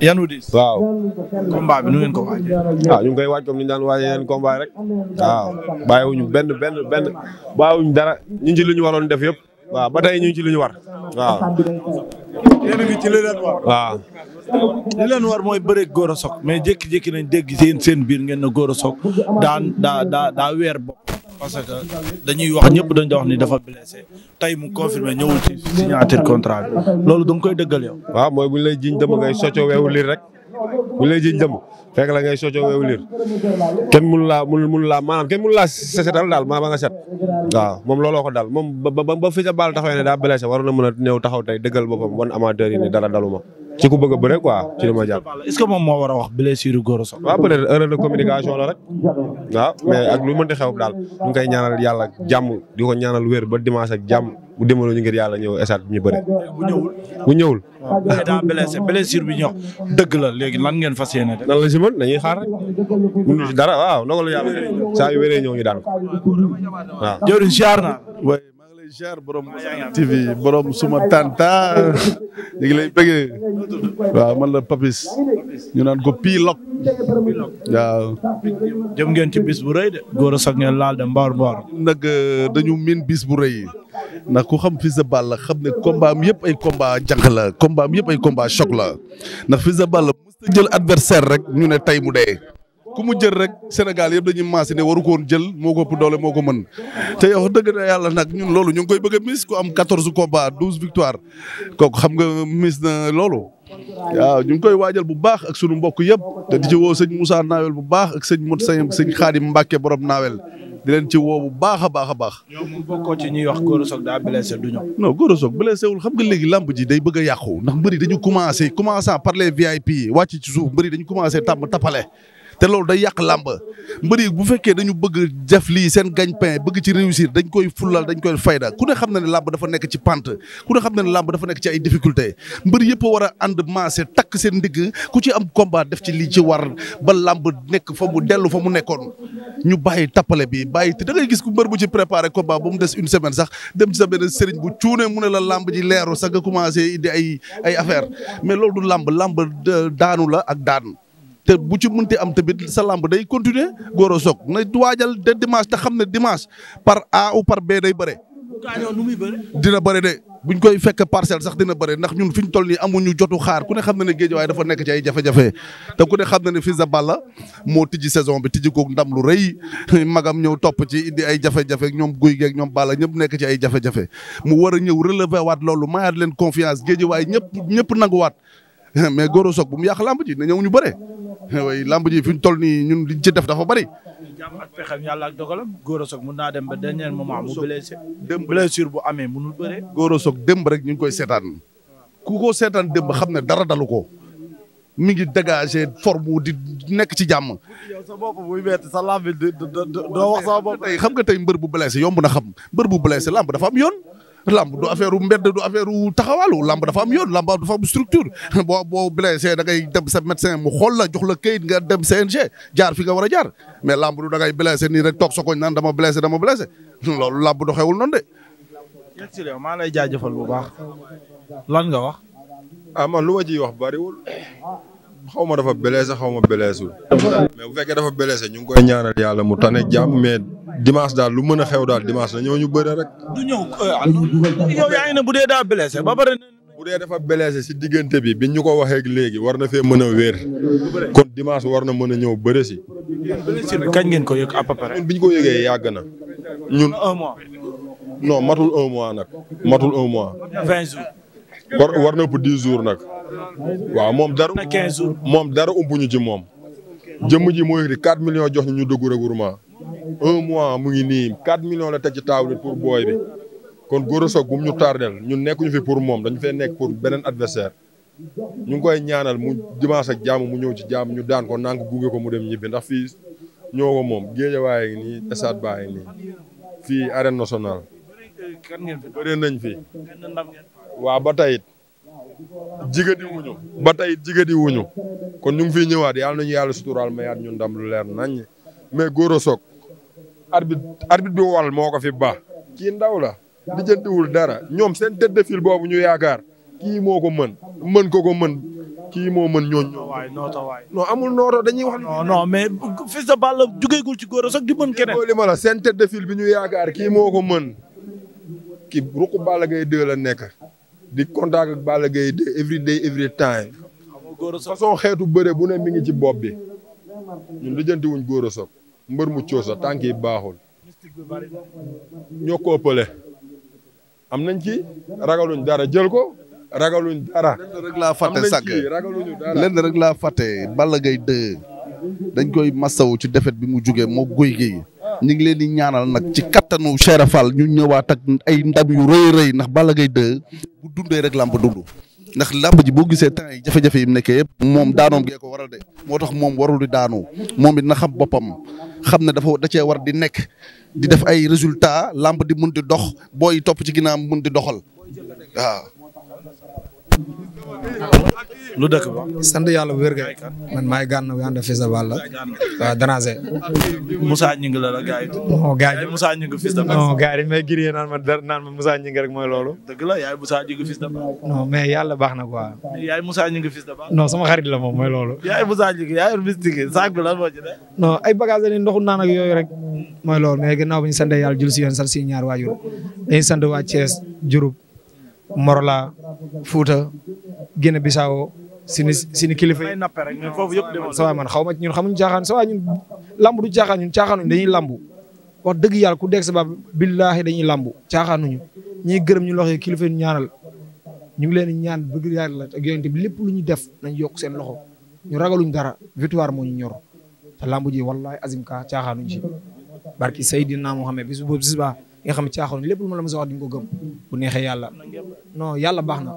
yan wu diis waaw combat bi nu ngeen ko waajee. waaw ah, ñu koy waaj comme ni ñu daan waajee yeneen combat rek waaw bàyyiwuñu benn benn benn bàyyiwuñu dara ñu ci lu ñu waroon def yëpp waaw ba tey ñu ci lu war waaw. yéen a war. waaw. li leen war mooy bëre Gora Sock mais jékki-jékki nañ dégg seen seen biir ngeen góor Gora Sock daan daa daa daa weer bo parce que dañuy wax ñëpp dañ doon wax ni dafa blessé tey mu confirmé ñëwul ci signature contrat bi loolu da koy dëggal yow. waaw mooy bu ñu lay jiñ dëmm ngay socco weewu liir rek bu ñu lay jiñ dëmm fekk la ngay socco weewu liir kenn mënu laa mënu laa maanaam kenn mënu laa sesetal daal maa ba nga set. waaw moom looloo ko daal moom ba ba ba fi sa baal taxawee ne daa blessé waroon na mën a ñëw taxaw tey dëggal boppam wan amateur yi ne dara daluma. ci ku bëgg bëre quoi ci li ma jàpp. est-ce que moom moo war a wax blessure Gora Sock. waaw peut-être erreur de communication la rek waaw mais ak lu mënti xew daal mu ngi koy ñaanal yàlla jàmm di ko ñaanal wér ba dimanche ak jàmm bu demaloo ñu ngir yàlla ñëw esaat ñu bëre. bu ñëwul bu ñëwul. waaw mais daa blessé blessure bi ñox dëgg la léegi lan ngeen fa yéene de. la si mën dañuy xaar rek mënuñu si dara waaw ndogalu yàlla saa yu wéree ñëw ñu daan ko waaw. jaar borom TV borom suma tànta ñu lay bëggee waaw man la Papis ñu naan ko Pilok waaw jëm ngeen ci bis bu rëy de góor a sax ngeen laal de mbaar mbaar nag euh, dañu min bis bu rëy ndax ku xam Fils de Balla xam ne combat am yëpp ay combat jànq la combat am yëpp ay combat choc la ndax Fils de Balla mës ta jël adversaire rek ñu ne tey mu dee ku mu jël rek Sénégal yëpp dañuy maase ne waru ko woon jël moo ko ëpp doole moo ko mën te wax dëgg na yàlla nag ñun loolu ñu ngi koy bëgg a mis ku am quatorze combats douze victoire kooku xam nga mis na loolu. waaw ñu ngi koy waajal bu baax ak sunu mbokk yëpp te di ci woo sëñ Moussa Nawel bu baax ak sëñ Mot Seye sëñ Xaadim Mbàkke borom Nawel di leen ci woo bu baax a baax a baax. yow mu bokkoo ñuy wax Gora Sock daa blessé du wul xam nga léegi lamb ji day bëgg a yàqu ndax mbëri dañu commencé commençant par les VIP wàcc ci suuf mbëri dañu commencé tàmm tapale. te loolu day yàq làmba mbër yi bu fekkee dañu bëgg def lii seen gagne bëgg ci réussir dañ koy fulal dañ koy fayda ku ne xam na ne làmb dafa nekk ci pant ku ne xam na ne làmb dafa nekk ci ay difficulté mbër yëpp a ànd maase seen ndigg ku ci am combat def ci lii ci war ba làmb nekk fa dellu fa mu nekkoon ñu bàyyi tappale bi bàyyi te da ngay gis ku mbër bu ci préparé combat ba mu des une semaine sax dem ci sa benn sëriñ bu cuune mu ne la làmb ji leeru sax nga commencé indi ay ay affaire mais loolu du làmb làmb euh, daanu la ak daan te bu ci mun mënti am tamit sa lamb day continuer Gora Sock na waajal de dimanche te xam ne dimanche par A ou par B day bëre. dina bëre de buñ koy fekk parcelle sax dina bëre ndax ñun fi ñu toll nii amuñu jotu xaar ku ne xam na ne géej waaye dafa nekk ci ay jafe-jafe te ku ne xam na ne Fils de Balla moo tijji saison bi tijji kook ndam lu rëy magam ñëw topp ci indi ay jafe-jafe ñoom guy geek ñoom Balla ñëpp nekk ci ay jafe-jafe mu war a ñëw relever waat loolu mayaat leen confiance géej waaye ñëpp ñëpp nanguwaat. mais Gora Sock bu mu yàq lamb ji na ñëw ñu bëre way lamb ji fi ñu toll nii ñu liñ ci def dafa bëri. jàmm ak pexem yàlla ak dogalam mun naa dem ba dernier moment mu blessé. démb blessure bu amee munul bëre. Gora Sock démb rek ñu ngi koy seetaan ku ko seetaan démb xam ne dara dalu ko mu ngi dégagé forme di nekk ci jàmm. yow sa bopp buy metti sa lamb bi doo wax sa bopp tey xam nga tey mbër bu blessé yomb na xam mbër bu blessé lamb dafa am yoon. lamb du affaire u mbedd du affaire u taxawaalu lamb dafa am yoon lamb dafa am structure boo boo blessé da ngay dem sa médecin mu xool la jox la këyit nga dem CNG jaar fi nga war a jaar mais lamb du da ngay blessé nii rek toog sa koñ naan dama blessé dama blessé loolu lamb doxewul noonu de. jërëjëf maa lay jaajëfal bu baax. lan nga wax. ah man lu ma ciy wax bariwul. xaw ma dafa blessé xaw ma blessul mais bu fekkee dafa blessé ñu ngi koy ñaanal yàlla mu tane jàmm mais dimanche daal lu mën a xew daal dimanche la ñoo ñu bëre rek. Euh, ah, bu dee daa blessé ba pare. bu dee dafa blessé si diggante bi bi ñu ko waxee léegi war na fee mën a wér kon dimanche war na mën a ñëw bëre si. kañ ngeen ko yëg à peu près. bi biñ ko yëgee yàgg na. ñun un mois. non matul un mois nag. matul un mois. vingt war na ëpp dix jours nag. waaw moom dara moom dara umbuñu ci moom jëmm ji moo yëg million 4 millions jox ñu ñu dugg regroupement un mois mu ngi nii 4 millions la teg ci table pour booy bi kon Gora Sock bu mu ñu tardel ñun nekkuñu fi pour moom dañu fee nekk pour beneen adversaire ñu ngi koy ñaanal mu dimanche jàmm mu ñëw ci jàmm ñu daan ko nank gunge ko mu dem ñibbi ndax fii ñoo moom Géejawaay ngi nii Estade baa ngi nii fii arène nationale. nañ fi. waaw ba jigadi wuñu ba tey jigadi wuñu kon ñu ngi fiy ñëwaat yàlla nañu yàlla suturaal mayaat ñu ndam lu leer nañ mais góor a soog arbitre bi wal moo ko fi baax kii ndaw la lijjantiwul dara ñoom seen tête de file boobu ñu yaakaar kii moo ko mën mën ko ko mën kii moo mën ñooñ waay nooto waay non amul nooto dañuy wax non mais Fils de Balla jugeegul ci góor a soog di mën keneen li ma de file bi ñu yaakaar kii moo ko mën kii ruqu Balla Gaye 2 la nekk di contact ak Balla Gaye de every day every time. façon xeetu bëre bu ne mi ngi ci bopp bi ñu lijjanti wuñ góor a mbër mu cooso tànk yi baaxul. ñoo ko ëppale. am nañ ci ragaluñ dara jël ko. ragaluñ dara. lenn rek laa fàtte sàkk lenn rek laa fàtte Balla Gaye 2 dañ koy masawu ci defet bi mu jugee moo guy gi ñu ngi leen di ñaanal nag ci kattanu Cheikh Fall ñu ñëwaat ak ay ndam yu rëy rëy ndax bala gay 2 bu dundee rek làmb dund ndax làmb ji boo gisee temps yi jafe-jafe yi mu nekkee yëpp moom daanoom gee waral de moo tax moom warul di daanu moom it na xam boppam xam ne dafa dacee war di nekk di def ay résultat làmb di mun di dox booy topp ci ginnaaw mën di doxal waaw lu dëkk ba. sant yàlla bu wér gaay man maay gànn bu ànd Fils de Balla waaw dérangé. Moussa Gningue la la gars yi. non gars yi Moussa Gningue Fils de Balla. non gars yi dañu may giree naan ma dara mooy loolu. dëgg la yaay Moussa Gningue Fils de Balla. non mais yàlla baax na quoi. yaay Moussa Gningue Fils de Balla. non sama xarit la moom mooy loolu. yaay Moussa Gningue yaay mystique saak bi lan moo ci ne. non ay bagages yi ndoxu naan yooyu rek. mooy loolu mais ginnaaw bi ñu sant yàlla jull si yoon sant si ñaar waajur dañuy sant waa Thiès Diouroup Morola Fouta Guinée Bissau sini sini kilifa yi sa man xaw ma ñun xamuñ caaxaan sa waay ñun lamb du caaxaan ñun caaxaanuñ dañuy lambu wax dëgg yàlla ku dégg sa baab billaahi dañuy lambu caaxaanuñu ñu gërëm ñu loxo kilifa yi ñu ngi leen ñaan bëgg yàlla ak yonent bi lépp lu ñu def nañ yokk seen loxo ñu ragaluñ dara victoire moo ñu ñor te lambu ji wallaahi azim ka caaxaanuñ ci barki Seydina Muhammad bis boobu bis ba xam ne caaxaanuñ lépp ma la a wax di nga ko gëm bu neexee yàlla non yàlla baax na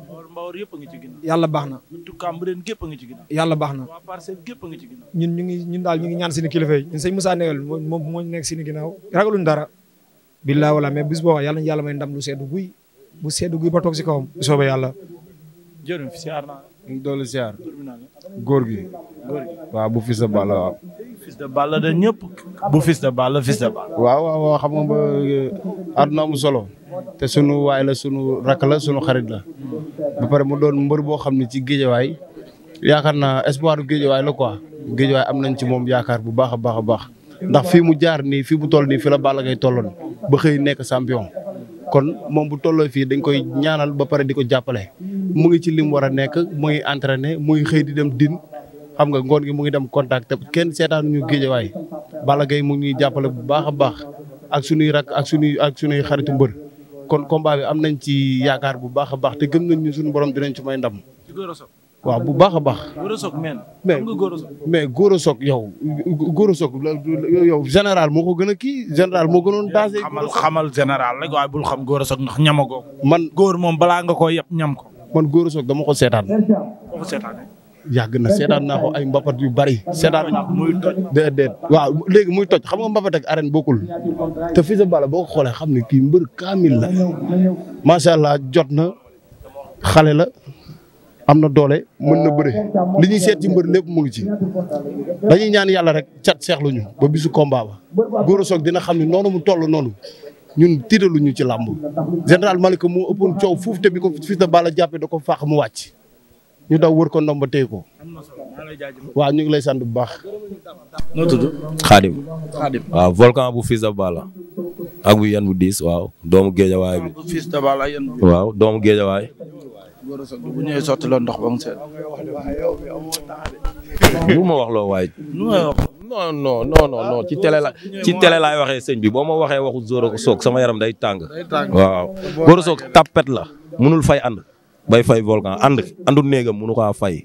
Bawol yëpp a ngi ci ginnaaw yàlla baax na buntu Cambérène gépp a ngi ci yàlla baax na waa Parcelles gépp a ngi ci ginnaaw ñun ñu daal ñu ngi ñaan seen kilifa yi ñun sëñ Moussa Newel moo nekk seen ginnaaw ragaluñ dara billaa wala mais bis boo yàlla yàlla may ndam lu seddu guy bu seddu guy ba toog si kawam bu soobee yàlla jërëjëf siyaar naa ñu ngi dolli siyaar góor gi waaw bu fils de Balla waaw fils de da ñëpp bu fils de Balla fils de Balla waaw waaw a xam na ba eh, àdduna am solo te sunu waay la sunu rakk la sunu xarit la ba pare mu doon mbër boo xam ne ci géejawaay yaakaar naa espoir du géejawaay la quoi géejawaay am nañ ci moom yaakaar bu baax a baax a baax ndax fii mu jaar nii fii mu toll nii fi la Balla Gaye tolloon ba xëy nekk champion kon moom bu tolloo fii dañ koy ñaanal ba pare di ko jàppale mu ngi ci lim war a nekk mu ngi entraîné mu ngi xëy di dem din xam nga ngoon gi mu ngi dem contact te kenn seetaanuñu géejawaay Balla Gaye mu ngi jàppale bu baax a baax ak sunuy rakk ak sunuy ak sunuy xaritu mbër kon combat bi am nañ ci yaakaar bu baax a baax te gëm nañ ñu suñu borom dinañ ci may ndam. waaw bu baax a baax. Gora Sock men mais mais Gora Sock yow Gora Sock yow général moo ko gën a kii général moo gënoon daase. xamal xamal général rek waaye bul xam Gora Sock ndax ñamagoo. man góor moom balaa nga ko yëpp ñam ko. man Gora Sock dama ko seetaan yàgg na seetaan naa ko ay mbapat yu bari seetaan muy toj déedéet waaw léegi muy toj xam nga mbapat ak arène bokkul te Fils bala Balla boo xoolee xam ne kii mbër kaamil la macha allah jot na xale la am na doole mën na bëre li ñuy seet ci mbër lépp mu ngi ci dañuy ñaan yàlla rek cat seexluñu ba bisu combat ba góor a soog dina xam ne noonu mu toll noonu ñun tiitaluñu ci làmb général Malika moo ëppoon coow fuuf te bi ko Fils de Balla da ko faax mu wàcc ñu daw wër ko ndomba téye ko. waaw ñu ngi lay sant bu baax. waaw volcan bu Fils de Balla ak bu yan bu diis waaw doomu géejawaay bi. waaw doomu géejawaay. bu ndox bu ma wax loo waay. ci télé la ci sëñ bi boo ma waxee waxu Zoro Soog sama yaram day tàng. waaw Zoro Soog tapet la mënul fay ànd. bay fay volcan ànd àndu néegam mënu kaa fay.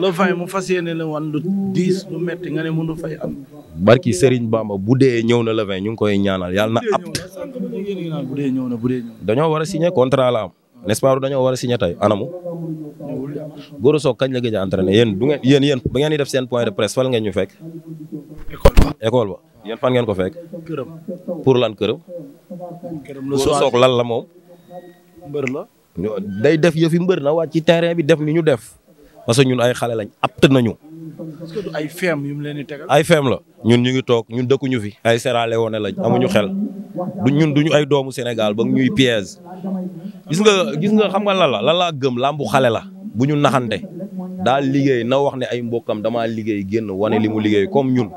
la fay mu fas yéene la wan lu diis lu metti nga ne Bamba bu dee ñëw na le vingt ñu ngi koy ñaanal yàlla na apt. bu dee na bu dañoo war a signé la am n'est-ce pas dañoo war a signé tey anamu. Gora Sock kañ la gëj a entraîné yéen du yéen yéen ba ngeen di def seen point de presse fal ngeen ñu fekk. école ba école fan ngeen ko fekk. këram lan këram. këram la lan la moom. mbër day def yëfi mbër na wàcc ci terrain bi def ni ñu def parce que ñun ay xale lañ apt nañu. est ay feem yu mu leen di tegal. ay feem la ñun ñu ngi toog ñun dëkkuñu fi. ay Sierra Leone lañ amuñu xel du ñun duñu ay doomu Sénégal ba ñu piège gis nga gis nga xam nga lan la lan laa gëm làmbu xale la bu ñu naxante daal liggéey na wax ne ay mbokkam damaa liggéey génn wane li mu liggéey comme ñun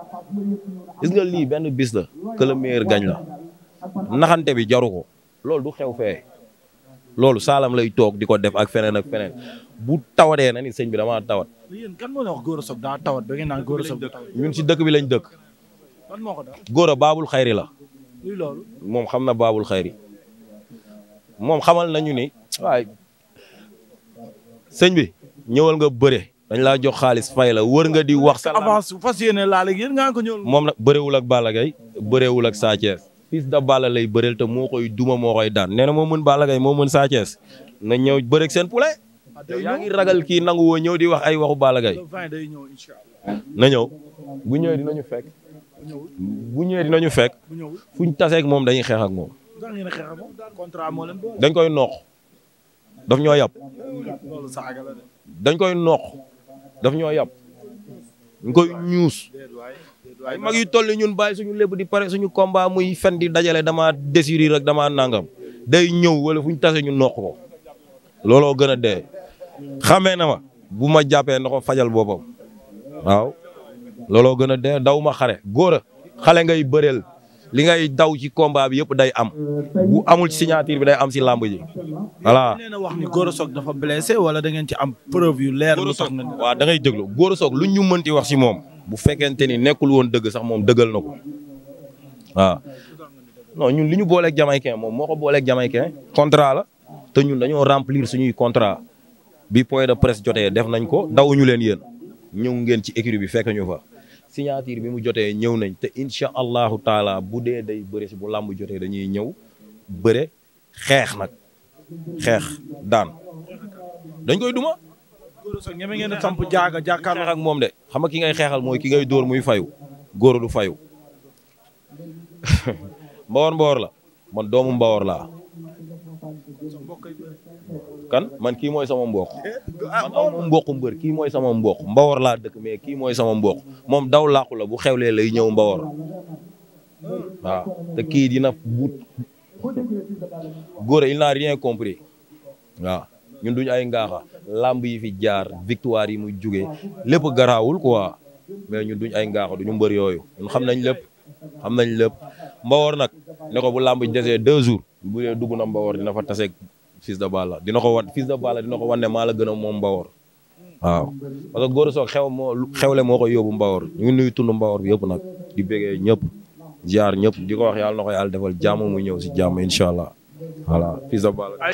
gis nga lii benn bis la que le gañ la naxante bi jaru ko loolu du xew fee. loolu saalam lay toog di ko def ak feneen ak feneen bu tawadee na ni sëñ bi damaa tawat. yéen kan moo la daa tawat ba ngeen naan Gora Sock ñun si dëkk bi lañ dëkk. góora moo ko baabul xayri la. luy moom xam na baabul xayri moom xamal nañu ni waaye sëñ bi ñëwal nga bëre dañ laa jox xaalis fay la wër nga di wax. avance fas yéene laa léegi yéen nga ko ñëwal. moom nag bëreewul ak Balla Gaye ak Sa fils de Balla lay bëreel te moo koy duma moo koy daan nee na moo mën Balla Gaye moo mën Sa na ñëw bëreeg seen poulet. Ah, yaa ngi ragal kii nangu woo ñëw di wax ay waxu Balla Gaye na ñëw bu ñëw dina ñu fek ñëwee dinañu fekk. fuñ taseeg moom dañuy xeex ak moom. dañ koy noox daf ñoo yàpp. dañ koy noox daf ñoo yàpp. ñu koy ñuus ay mag yu toll ñun bàyyi suñu lépp di pare suñu kombaa muy fen di dajale damaa désirir rek damaa nangam day ñëw wala fu ñu tase ñu noq ko looloo gën a dee xamee na ma bu ma jàppee na ko fajal boppam waaw looloo gën a dee daw ma xare góor xale ngay bëreel li ngay daw ci combat bi yëpp day am bu amul signature bi day am si làmb ji voilà. nee na wax ni Gora Sock dafa blessé wala da ngeen ci am preuve yu leer. Gora Sock waaw da ngay déglu Gora Sock lu ñu mënti wax si moom. bu fekkente ni nekkul woon dëgg sax moom dëggal na ko waaw. non ñun li ñu booleeg Jamaïcain moom moo ko booleeg Jamaïcain contrat la te ñun dañoo remplir suñuy contrat bi point de presse jotee def nañ ko dawuñu leen yéen ñëw ngeen ci écurie bi fekk ñu fa. signature bi mu jotee ñëw nañ te incha allahu taala bu dee day bëri bu làmb jotee dañuy ñëw bëre xeex nag xeex daan dañ koy duma. góor sax ñeme ngeen samp jaaga jàkkaarloo ak moom de xam nga ki ngay xeexal mooy ki ngay dóor muy fayu góor du fayu mbawoor mbawoor la man doomu mbawoor laa. kan man kii mooy sama mbokk man moom mbokku mbër kii mooy sama mbokk mbawor laa dëkk mais kii mooy sama mbokk moom daw làqu la bu xewlee lay ñëw mbawor waaw te kii dina but góore il n'a rien compris waaw ñun duñu ay ngaaxa làmb yi fi jaar victoire yi muy jugee lépp garaawul quoi mais ñun duñ ay ngaaxa duñu mbër yooyu ñun xam nañ lépp xam nañ lépp mbawor nag ne ko bu lamb desee deux jours bu dee dugg na mbawor dina fa tase Fils de Balla dina ko wan Fils de Balla a moom Mbawor waaw parce que Gora Sock xew moo xewle moo koy yóbbu Mbawor ñu ngi nuyu tund Mbawor bi yëpp nag di bégee ñëpp ziar ñëpp di ko wax yàlla na yàlla defal jàmm mu ñëw si jàmm incha allah voilà Fils de